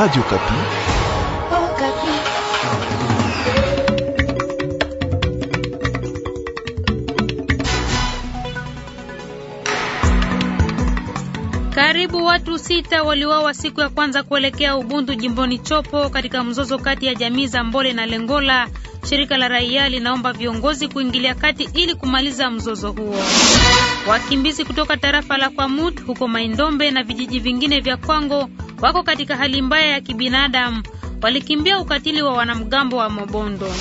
Radio oh, Kapi. Karibu watu sita waliuawa siku ya kwanza kuelekea Ubundu jimboni Chopo katika mzozo kati ya jamii za Mbole na Lengola. Shirika la raia linaomba viongozi kuingilia kati ili kumaliza mzozo huo. Wakimbizi kutoka tarafa la Kwamut huko Maindombe na vijiji vingine vya Kwango wako katika hali mbaya ya kibinadamu, walikimbia ukatili wa wanamgambo wa Mobondo.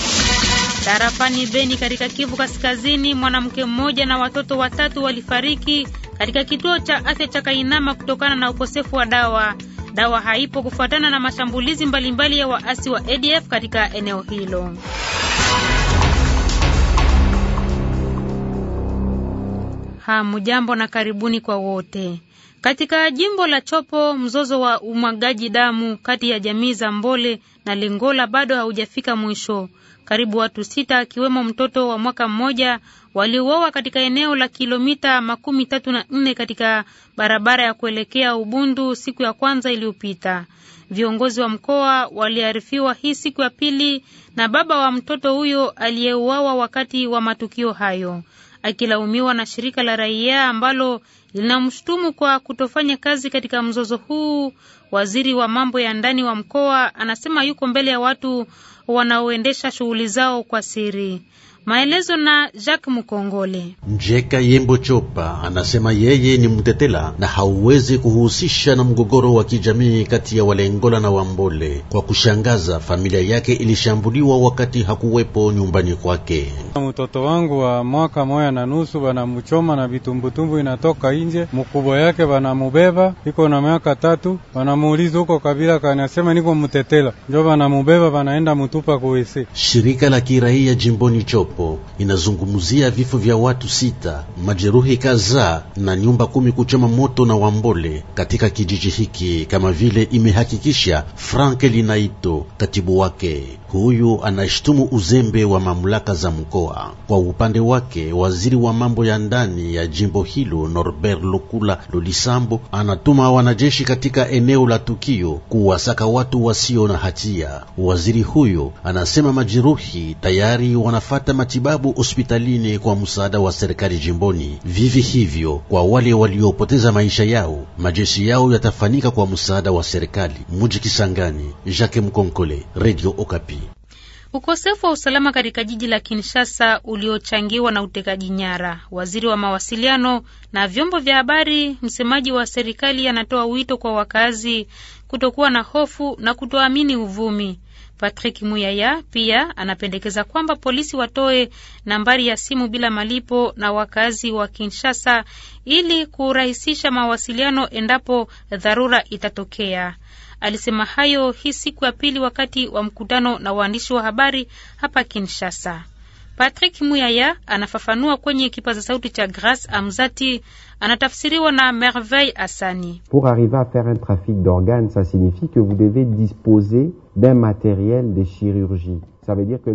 Tarafani Beni katika Kivu Kaskazini, mwanamke mmoja na watoto watatu walifariki katika kituo cha afya cha Kainama kutokana na ukosefu wa dawa. Dawa haipo kufuatana na mashambulizi mbalimbali ya waasi wa ADF katika eneo hilo. Hamujambo na karibuni kwa wote. Katika jimbo la Chopo, mzozo wa umwagaji damu kati ya jamii za Mbole na Lengola bado haujafika mwisho. Karibu watu sita akiwemo mtoto wa mwaka mmoja waliuawa katika eneo la kilomita makumi tatu na nne katika barabara ya kuelekea Ubundu siku ya kwanza iliyopita. Viongozi wa mkoa waliarifiwa hii siku ya pili na baba wa mtoto huyo aliyeuawa wakati wa matukio hayo, akilaumiwa na shirika la raia ambalo linamshutumu kwa kutofanya kazi katika mzozo huu. Waziri wa mambo ya ndani wa mkoa anasema yuko mbele ya watu wanaoendesha shughuli zao kwa siri. Maelezo na Jacques Mukongole. Njeka Yembo Chopa anasema yeye ni mtetela na hauwezi kuhusisha na mgogoro wa kijamii kati ya Walengola na Wambole. Kwa kushangaza, familia yake ilishambuliwa wakati hakuwepo nyumbani kwake. Mtoto wangu wa mwaka moya na nusu banamuchoma na vitumbutumbu inatoka inje mkubwa yake banamubeba, iko na miaka tatu, banamuuliza huko kabila kanasema niko mtetela, njo banamubeba banaenda mutupa kuwese. Shirika la kiraia jimboni Chopa Butembo inazungumzia vifo vya watu sita, majeruhi kadhaa na nyumba kumi kuchoma moto na Wambole katika kijiji hiki, kama vile imehakikisha Frank Linaito, katibu wake huyu anashtumu uzembe wa mamlaka za mkoa. Kwa upande wake, waziri wa mambo ya ndani ya jimbo hilo Norbert lukula Lolisambo anatuma wanajeshi katika eneo la tukio kuwasaka watu wasio na hatia. Waziri huyo anasema majeruhi tayari wanafata matibabu hospitalini kwa msaada wa serikali jimboni. Vivi hivyo kwa wale waliopoteza maisha yao, majeshi yao yatafanika kwa msaada wa serikali. Muji Kisangani, Jacques Mkonkole, Radio Okapi. Ukosefu wa usalama katika jiji la Kinshasa uliochangiwa na utekaji nyara. Waziri wa mawasiliano na vyombo vya habari, msemaji wa serikali, anatoa wito kwa wakazi kutokuwa na hofu na kutoamini uvumi. Patrick Muyaya pia anapendekeza kwamba polisi watoe nambari ya simu bila malipo na wakazi wa Kinshasa ili kurahisisha mawasiliano endapo dharura itatokea. Alisema hayo hii siku ya pili wakati wa mkutano na waandishi wa habari hapa Kinshasa. Patrick Muyaya anafafanua kwenye kipaza sauti cha Grace Amzati, anatafsiriwa na Merveille Asani. Pour arriver à faire un trafic d'organes ça signifie que vous devez disposer d'un matériel de chirurgie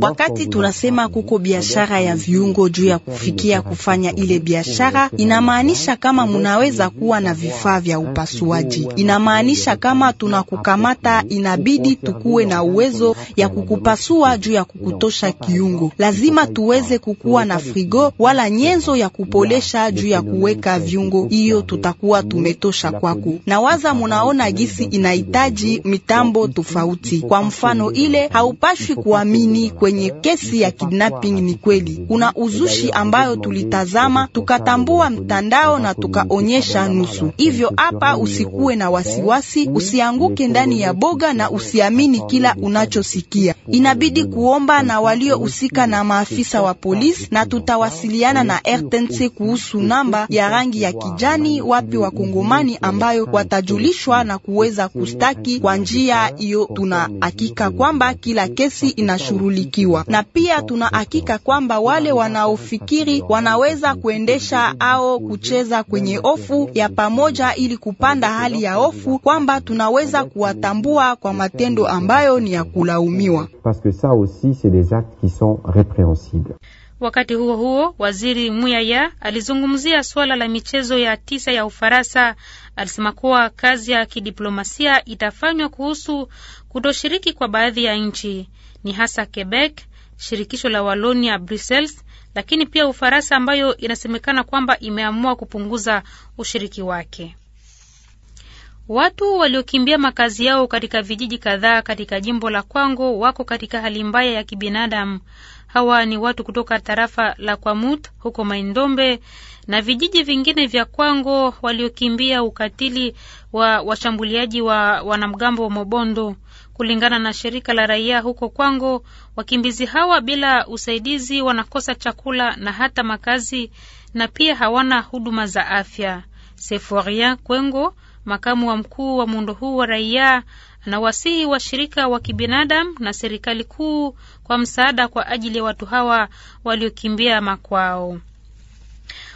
Wakati tunasema kuko biashara ya viungo juu ya kufikia kufanya ile biashara, inamaanisha kama munaweza kuwa na vifaa vya upasuaji, inamaanisha kama tunakukamata, inabidi tukuwe na uwezo ya kukupasua juu ya kukutosha kiungo. Lazima tuweze kukuwa na frigo wala nyenzo ya kupolesha juu ya kuweka viungo, hiyo tutakuwa tumetosha kwako. Na waza munaona gisi inahitaji mitambo tofauti, kwa mfano ile haupashwi kuamini nini kwenye kesi ya kidnapping ni kweli. Kuna uzushi ambayo tulitazama tukatambua mtandao na tukaonyesha nusu. Hivyo hapa usikuwe na wasiwasi, usianguke ndani ya boga na usiamini kila unachosikia. Inabidi kuomba na waliohusika na maafisa wa polisi, na tutawasiliana na RTNC kuhusu namba ya rangi ya kijani wapi wakongomani ambayo watajulishwa na kuweza kustaki. Kwa njia hiyo, tuna hakika kwamba kila kesi inash kushughulikiwa, na pia tuna hakika kwamba wale wanaofikiri wanaweza kuendesha ao kucheza kwenye hofu ya pamoja ili kupanda hali ya hofu, kwamba tunaweza kuwatambua kwa matendo ambayo ni ya kulaumiwa. Wakati huo huo, waziri Muyaya alizungumzia suala la michezo ya tisa ya Ufaransa. Alisema kuwa kazi ya kidiplomasia itafanywa kuhusu kutoshiriki kwa baadhi ya nchi, ni hasa Quebec, shirikisho la Walonia Brussels, lakini pia Ufaransa ambayo inasemekana kwamba imeamua kupunguza ushiriki wake. Watu waliokimbia makazi yao katika vijiji kadhaa katika jimbo la Kwango wako katika hali mbaya ya kibinadamu. Hawa ni watu kutoka tarafa la Kwamut huko Maindombe na vijiji vingine vya Kwango waliokimbia ukatili wa washambuliaji wa wanamgambo wa Mobondo. Kulingana na shirika la raia huko Kwango, wakimbizi hawa bila usaidizi wanakosa chakula na hata makazi na pia hawana huduma za afya. Seforia Kwengo, makamu wa mkuu wa muundo huu wa raia, na wasihi washirika wa kibinadamu na serikali kuu kwa msaada kwa ajili ya watu hawa waliokimbia makwao.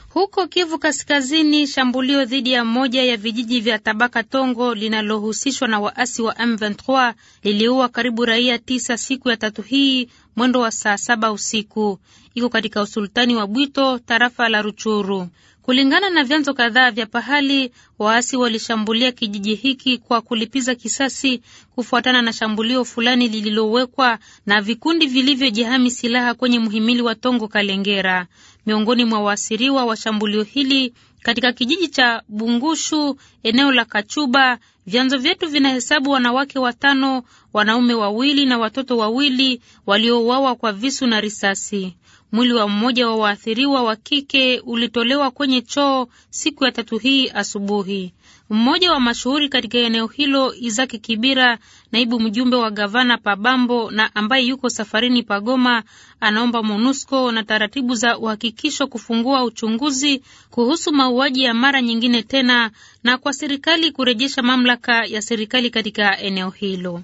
Huko Kivu Kaskazini, shambulio dhidi ya moja ya vijiji vya tabaka Tongo linalohusishwa na waasi wa M23 liliua karibu raia tisa siku ya tatu hii mwendo wa saa saba usiku, iko katika usultani wa Bwito, tarafa la Ruchuru. Kulingana na vyanzo kadhaa vya pahali, waasi walishambulia kijiji hiki kwa kulipiza kisasi kufuatana na shambulio fulani lililowekwa na vikundi vilivyojihami silaha kwenye mhimili wa Tongo Kalengera. Miongoni mwa waasiriwa wa shambulio hili katika kijiji cha Bungushu, eneo la Kachuba, vyanzo vyetu vinahesabu wanawake watano, wanaume wawili na watoto wawili waliouawa kwa visu na risasi. Mwili wa mmoja wa waathiriwa wa kike ulitolewa kwenye choo siku ya tatu hii asubuhi. Mmoja wa mashuhuri katika eneo hilo, Izaki Kibira, naibu mjumbe wa gavana Pabambo na ambaye yuko safarini Pagoma, anaomba MONUSCO na taratibu za uhakikisho kufungua uchunguzi kuhusu mauaji ya mara nyingine tena na kwa serikali kurejesha mamlaka ya serikali katika eneo hilo.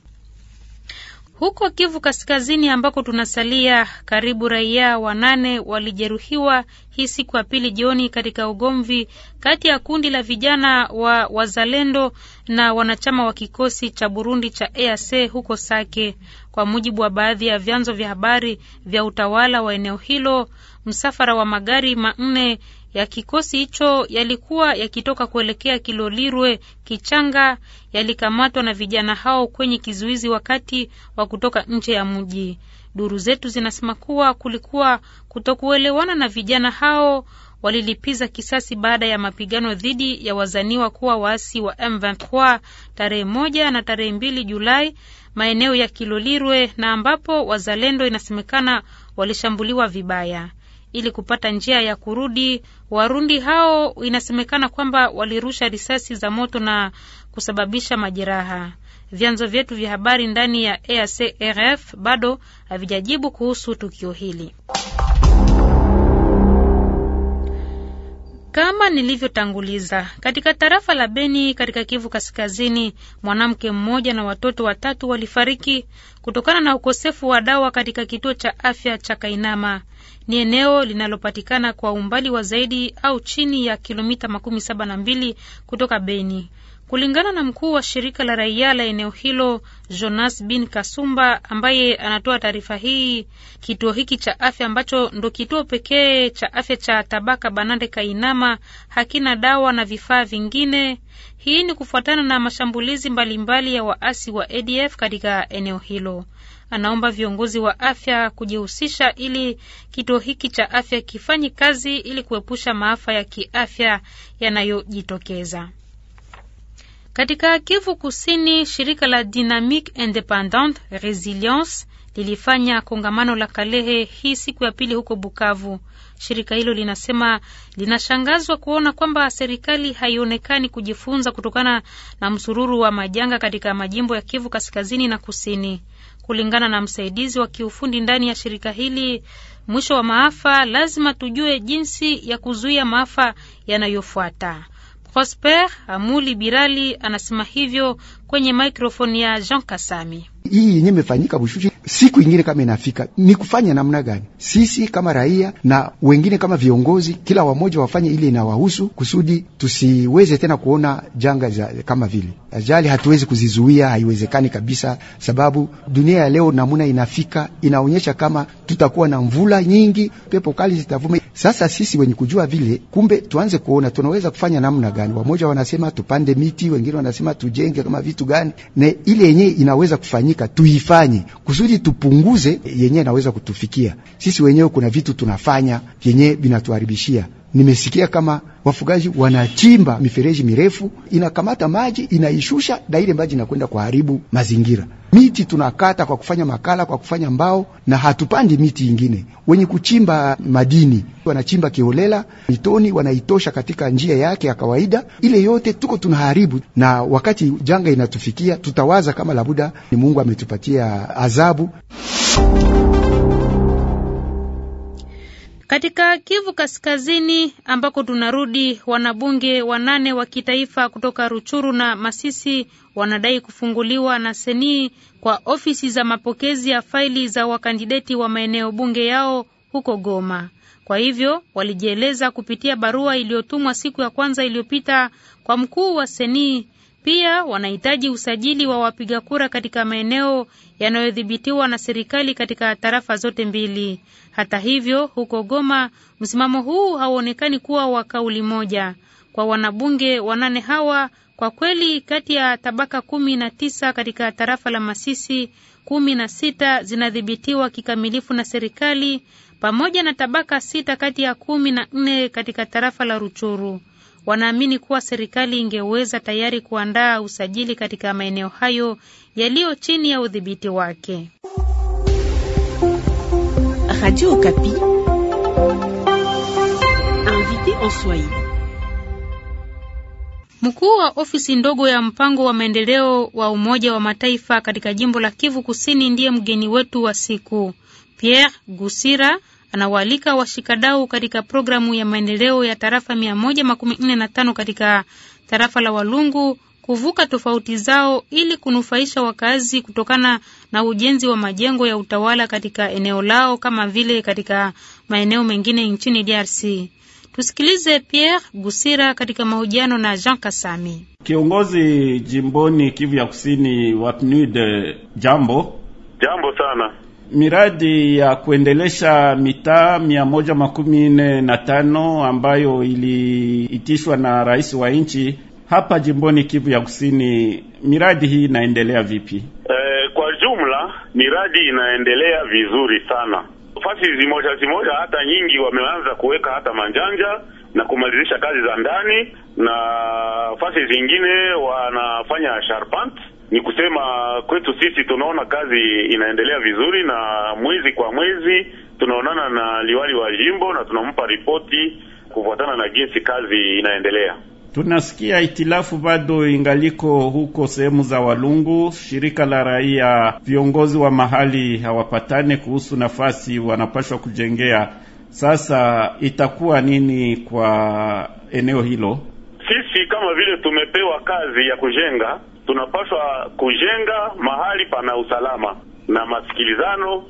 Huko Kivu Kaskazini ambako tunasalia, karibu raia wanane walijeruhiwa hii siku ya pili jioni katika ugomvi kati ya kundi la vijana wa wazalendo na wanachama wa kikosi cha Burundi cha EAC huko Sake, kwa mujibu wa baadhi ya vyanzo vya habari vya utawala wa eneo hilo. Msafara wa magari manne ya kikosi hicho yalikuwa yakitoka kuelekea Kilolirwe Kichanga yalikamatwa na vijana hao kwenye kizuizi wakati wa kutoka nje ya mji. Duru zetu zinasema kuwa kulikuwa kutokuelewana na vijana hao walilipiza kisasi baada ya mapigano dhidi ya wazaniwa kuwa waasi wa M23 tarehe moja na tarehe mbili Julai maeneo ya Kilolirwe na ambapo wazalendo inasemekana walishambuliwa vibaya ili kupata njia ya kurudi. Warundi hao inasemekana kwamba walirusha risasi za moto na kusababisha majeraha. Vyanzo vyetu vya habari ndani ya EAC RF bado havijajibu kuhusu tukio hili. Kama nilivyotanguliza katika tarafa la Beni katika Kivu Kaskazini, mwanamke mmoja na watoto watatu walifariki kutokana na ukosefu wa dawa katika kituo cha afya cha Kainama. Ni eneo linalopatikana kwa umbali wa zaidi au chini ya kilomita makumi saba na mbili kutoka Beni. Kulingana na mkuu wa shirika la raia la eneo hilo Jonas Bin Kasumba, ambaye anatoa taarifa hii, kituo hiki cha afya ambacho ndo kituo pekee cha afya cha Tabaka Banande Kainama hakina dawa na vifaa vingine. Hii ni kufuatana na mashambulizi mbalimbali mbali ya waasi wa ADF katika eneo hilo. Anaomba viongozi wa afya kujihusisha ili kituo hiki cha afya kifanye kazi ili kuepusha maafa ya kiafya yanayojitokeza. Katika Kivu Kusini, shirika la Dynamique Independante Resilience lilifanya kongamano la Kalehe hii siku ya pili huko Bukavu. Shirika hilo linasema linashangazwa kuona kwamba serikali haionekani kujifunza kutokana na msururu wa majanga katika majimbo ya Kivu Kaskazini na Kusini. Kulingana na msaidizi wa kiufundi ndani ya shirika hili, mwisho wa maafa lazima tujue jinsi ya kuzuia maafa yanayofuata. Prosper Amuli Birali anasema hivyo kwenye mikrofoni ya Jean Kasami. Hii yenye imefanyika Bushushi siku ingine kama inafika ni kufanya namna gani? Sisi kama raia na wengine kama viongozi, kila wamoja wafanye ile inawahusu kusudi tusiweze tena kuona janga za kama vile ajali. Hatuwezi kuzizuia, haiwezekani kabisa, sababu dunia ya leo namuna inafika inaonyesha kama tutakuwa na mvula nyingi, pepo kali zitavuma. Sasa sisi wenye kujua vile, kumbe tuanze kuona tunaweza kufanya namna gani. Wamoja wanasema tupande miti, wengine wanasema tujenge kama vitu kitu gani na ile yenye inaweza kufanyika tuifanye, kusudi tupunguze yenye inaweza kutufikia sisi wenyewe. Kuna vitu tunafanya vyenye vinatuharibishia Nimesikia kama wafugaji wanachimba mifereji mirefu inakamata maji inaishusha, na ile maji inakwenda kuharibu mazingira. Miti tunakata kwa kufanya makala, kwa kufanya mbao, na hatupandi miti ingine. Wenye kuchimba madini wanachimba kiholela, mitoni wanaitosha katika njia yake ya kawaida. Ile yote tuko tunaharibu, na wakati janga inatufikia, tutawaza kama labuda ni Mungu ametupatia adhabu. Katika Kivu Kaskazini ambako tunarudi, wanabunge wanane wa kitaifa kutoka Ruchuru na Masisi wanadai kufunguliwa na Senii kwa ofisi za mapokezi ya faili za wakandideti wa maeneo bunge yao huko Goma. Kwa hivyo walijieleza kupitia barua iliyotumwa siku ya kwanza iliyopita kwa mkuu wa Senii pia wanahitaji usajili wa wapiga kura katika maeneo yanayodhibitiwa na serikali katika tarafa zote mbili. Hata hivyo, huko Goma msimamo huu hauonekani kuwa wa kauli moja. Kwa wanabunge wanane hawa, kwa kweli kati ya tabaka kumi na tisa katika tarafa la Masisi, kumi na sita zinadhibitiwa kikamilifu na serikali pamoja na tabaka sita kati ya kumi na nne katika tarafa la Ruchuru wanaamini kuwa serikali ingeweza tayari kuandaa usajili katika maeneo hayo yaliyo chini ya udhibiti wake. Radio Okapi. Mkuu wa ofisi ndogo ya mpango wa maendeleo wa Umoja wa Mataifa katika jimbo la Kivu Kusini ndiye mgeni wetu wa siku. Pierre Gusira anawaalika washikadau katika programu ya maendeleo ya tarafa 145 katika tarafa la Walungu kuvuka tofauti zao ili kunufaisha wakazi kutokana na ujenzi wa majengo ya utawala katika eneo lao kama vile katika maeneo mengine nchini DRC. Tusikilize Pierre Gusira katika mahojiano na Jean Kasami. Kiongozi jimboni Kivu ya Kusini wa PNUD, jambo. Jambo sana miradi ya kuendelesha mitaa mia moja makumi nne na tano ambayo iliitishwa na rais wa nchi hapa jimboni Kivu ya Kusini, miradi hii inaendelea vipi? E, kwa jumla miradi inaendelea vizuri sana. Fasi zimoja zimoja hata nyingi wameanza kuweka hata manjanja na kumalizisha kazi za ndani, na fasi zingine wanafanya sharpant ni kusema kwetu sisi tunaona kazi inaendelea vizuri, na mwezi kwa mwezi tunaonana na liwali wa jimbo na tunampa ripoti kufuatana na jinsi kazi inaendelea. Tunasikia itilafu bado ingaliko huko sehemu za Walungu, shirika la raia, viongozi wa mahali hawapatane kuhusu nafasi wanapashwa kujengea. Sasa itakuwa nini kwa eneo hilo? Sisi kama vile tumepewa kazi ya kujenga tunapaswa kujenga mahali pana usalama na masikilizano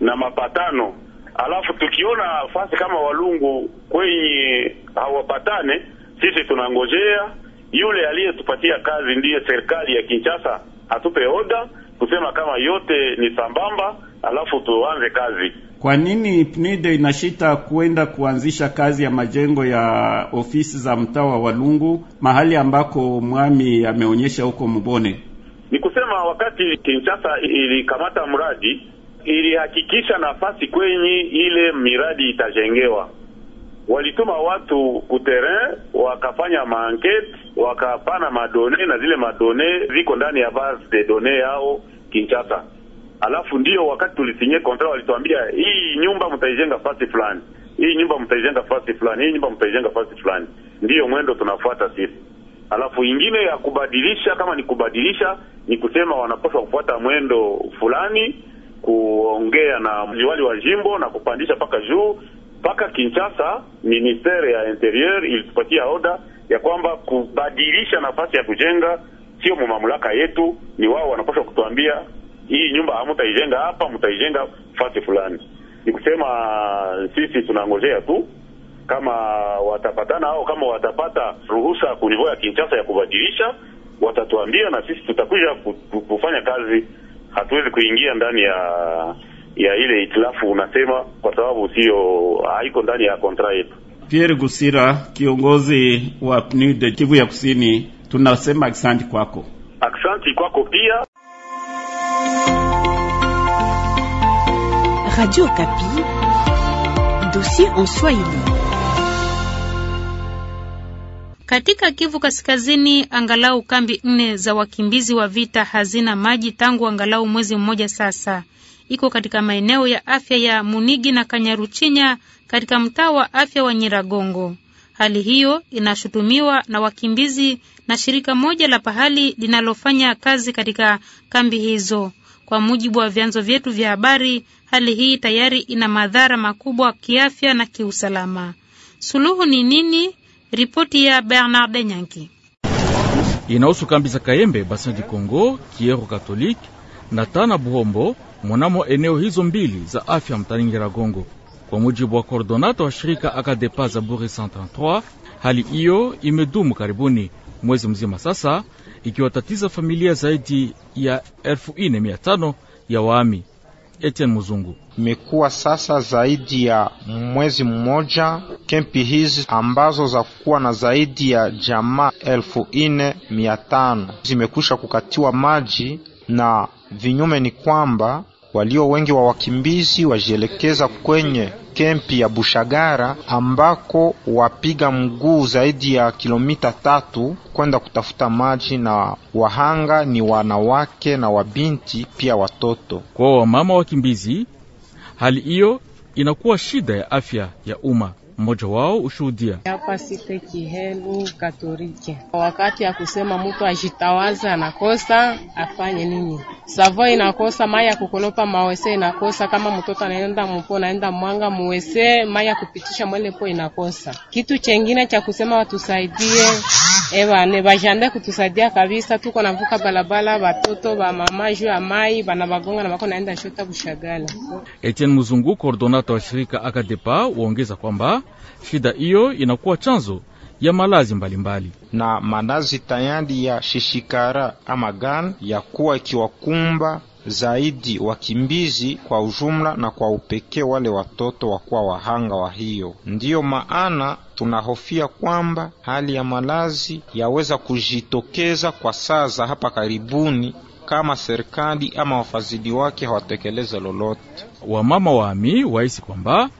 na mapatano. Alafu tukiona fasi kama walungu kwenye hawapatane, sisi tunangojea yule aliyetupatia kazi, ndiye serikali ya Kinshasa atupe oda kusema kama yote ni sambamba, alafu tuanze kazi. Kwa nini PNID inashita kuenda kuanzisha kazi ya majengo ya ofisi za mtaa wa Walungu mahali ambako mwami ameonyesha huko Mbone? Ni kusema wakati Kinshasa ilikamata mradi ilihakikisha nafasi kwenye ile miradi itajengewa, walituma watu kuterrain, wakafanya maankete, wakapana madone na zile madone ziko ndani ya base de donne yao Kinshasa alafu ndio wakati tulisinye kontra walituambia hii nyumba mtaijenga fasi fulani, hii nyumba mtaijenga fasi fulani, hii nyumba mtaijenga fasi fulani. Ndiyo mwendo tunafuata sisi. Alafu ingine ya kubadilisha, kama ni kubadilisha, ni kusema wanapaswa kufuata mwendo fulani, kuongea na liwali wa jimbo na kupandisha mpaka juu mpaka Kinshasa. Ministere ya Interieur ilitupatia oda ya kwamba kubadilisha nafasi ya kujenga sio mamlaka yetu, ni wao wanapaswa kutuambia hii nyumba hamtaijenga hapa, mtaijenga fasi fulani. Ni kusema sisi tunangojea tu kama watapatana au kama watapata ruhusa kunivoa ya Kinshasa ya kubadilisha, watatuambia na sisi tutakuja kufanya kazi. Hatuwezi kuingia ndani ya ya ile itilafu unasema, kwa sababu sio haiko ndani ya kontra yetu. Pierre Gusira, kiongozi wa PNUD Kivu ya Kusini, tunasema asante kwako. asante kwako pia. Radio Kapi. Dossier en Swahili. Katika Kivu Kaskazini, angalau kambi nne za wakimbizi wa vita hazina maji tangu angalau mwezi mmoja sasa. Iko katika maeneo ya afya ya Munigi na Kanyaruchinya katika mtaa wa afya wa Nyiragongo. Hali hiyo inashutumiwa na wakimbizi na shirika moja la pahali linalofanya kazi katika kambi hizo. Kwa mujibu wa vyanzo vyetu vya habari, hali hii tayari ina madhara makubwa kiafya na kiusalama. Suluhu ni nini? Ripoti ya Bernard Nyanki inahusu kambi za Kayembe, Basin du Congo, Kiero Katolike na Tana Buhombo mwanamo eneo hizo mbili za afya mtani Nyiragongo. Kwa mujibu wa koordonata wa shirika Akadepa Zaburi 133, hali hiyo imedumu karibuni mwezi mzima sasa ikiwatatiza familia zaidi ya elfu ine mia tano ya waami. Etienne Muzungu imekuwa sasa zaidi ya mwezi mmoja kempi hizi ambazo za kuwa na zaidi ya jamaa elfu ine mia tano zimekwisha kukatiwa maji, na vinyume ni kwamba Walio wengi wa wakimbizi wajielekeza kwenye kempi ya Bushagara ambako wapiga mguu zaidi ya kilomita tatu kwenda kutafuta maji, na wahanga ni wanawake na wabinti, pia watoto. Kwa wamama wakimbizi, hali hiyo inakuwa shida ya afya ya umma mmoja wao ushuhudia hapa site Kihelu katorike Wakati ya kusema mtu ajitawaze anakosa afanye nini, savo inakosa mai ya kukolopa mawese inakosa, kama mtoto anaenda mpo naenda mwanga muwese mai ya kupitisha mwele po inakosa. Kitu chengine cha kusema watusaidie ebane bajande kutusaidia kabisa, tuko navuka balabala, batoto ba mama juu ya mai bana bagonga na bako naenda shota kushagala. Etienne Muzungu, coordonata wa shirika Akadepa, waongeza kwamba shida hiyo inakuwa chanzo ya malazi mbalimbali mbali. Na malazi tayari ya shishikara ama gan ya kuwa ikiwakumba zaidi wakimbizi kwa ujumla, na kwa upekee wale watoto wa kuwa wahanga wa hiyo. Ndiyo maana tunahofia kwamba hali ya malazi yaweza kujitokeza kwa saa za hapa karibuni kama serikali ama wafadhili wake hawatekeleze lolote. Wamama wa ami wahisi kwamba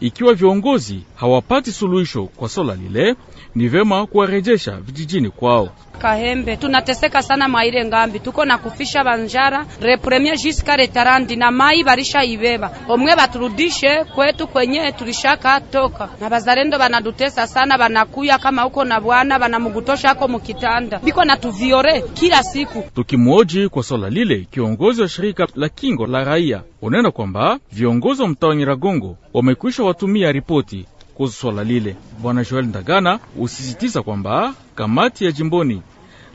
ikiwa viongozi hawapati suluhisho kwa swala lile, ni vema kuwarejesha vijijini kwao. Kahembe tunateseka sana mwaire ngambi tuko na kufisha banjara repremie jiska retarandi na mai barisha ibeba omwe baturudishe kwetu kwenye tulishaka toka, na bazalendo banadutesa sana, banakuya kama uko na bwana banamugutosha ako mukitanda biko na tuviore kila siku. Tukimwoji kwa swala lile, kiongozi wa shirika la kingo la raia unena kwamba viongozi wa mtaa wa Nyiragongo wamekwisha watumia ripoti kuhusu swala lile. Bwana Joel Ndagana husisitiza kwamba kamati ya jimboni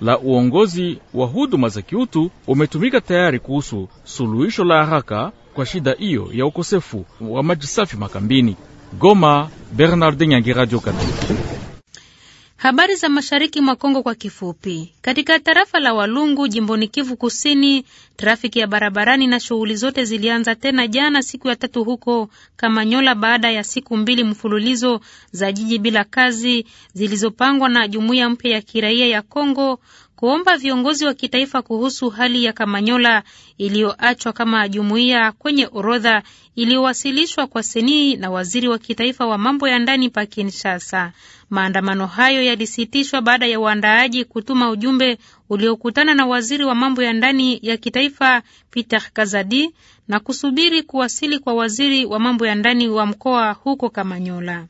la uongozi wa huduma za kiutu umetumika tayari kuhusu suluhisho la haraka kwa shida hiyo ya ukosefu wa maji safi makambini. Goma, Bernardin Nyangi, Radio Kati. Habari za mashariki mwa Kongo kwa kifupi. Katika tarafa la Walungu jimboni Kivu Kusini, trafiki ya barabarani na shughuli zote zilianza tena jana siku ya tatu huko Kamanyola baada ya siku mbili mfululizo za jiji bila kazi zilizopangwa na jumuiya mpya ya kiraia ya Kongo kuomba viongozi wa kitaifa kuhusu hali ya Kamanyola iliyoachwa kama jumuiya kwenye orodha iliyowasilishwa kwa Senii na waziri wa kitaifa wa mambo ya ndani pa Kinshasa. Maandamano hayo yalisitishwa baada ya waandaaji kutuma ujumbe uliokutana na waziri wa mambo ya ndani ya kitaifa Peter Kazadi na kusubiri kuwasili kwa waziri wa mambo ya ndani wa mkoa huko Kamanyola.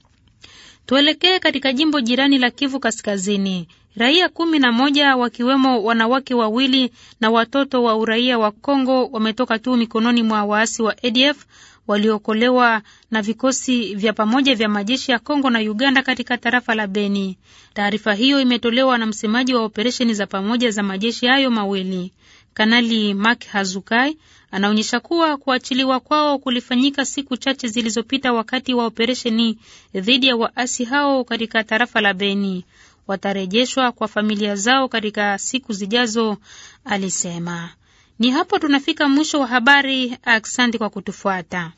Tuelekee katika jimbo jirani la Kivu Kaskazini. Raia kumi na moja wakiwemo wanawake wawili na watoto wa uraia wa Kongo wametoka tu mikononi mwa waasi wa ADF waliokolewa na vikosi vya pamoja vya majeshi ya Kongo na Uganda katika tarafa la Beni. Taarifa hiyo imetolewa na msemaji wa operesheni za pamoja za majeshi hayo mawili. Kanali Mark Hazukai anaonyesha kuwa kuachiliwa kwao kulifanyika siku chache zilizopita wakati wa operesheni dhidi ya waasi hao katika tarafa la Beni watarejeshwa kwa familia zao katika siku zijazo, alisema. Ni hapo tunafika mwisho wa habari. Asante kwa kutufuata.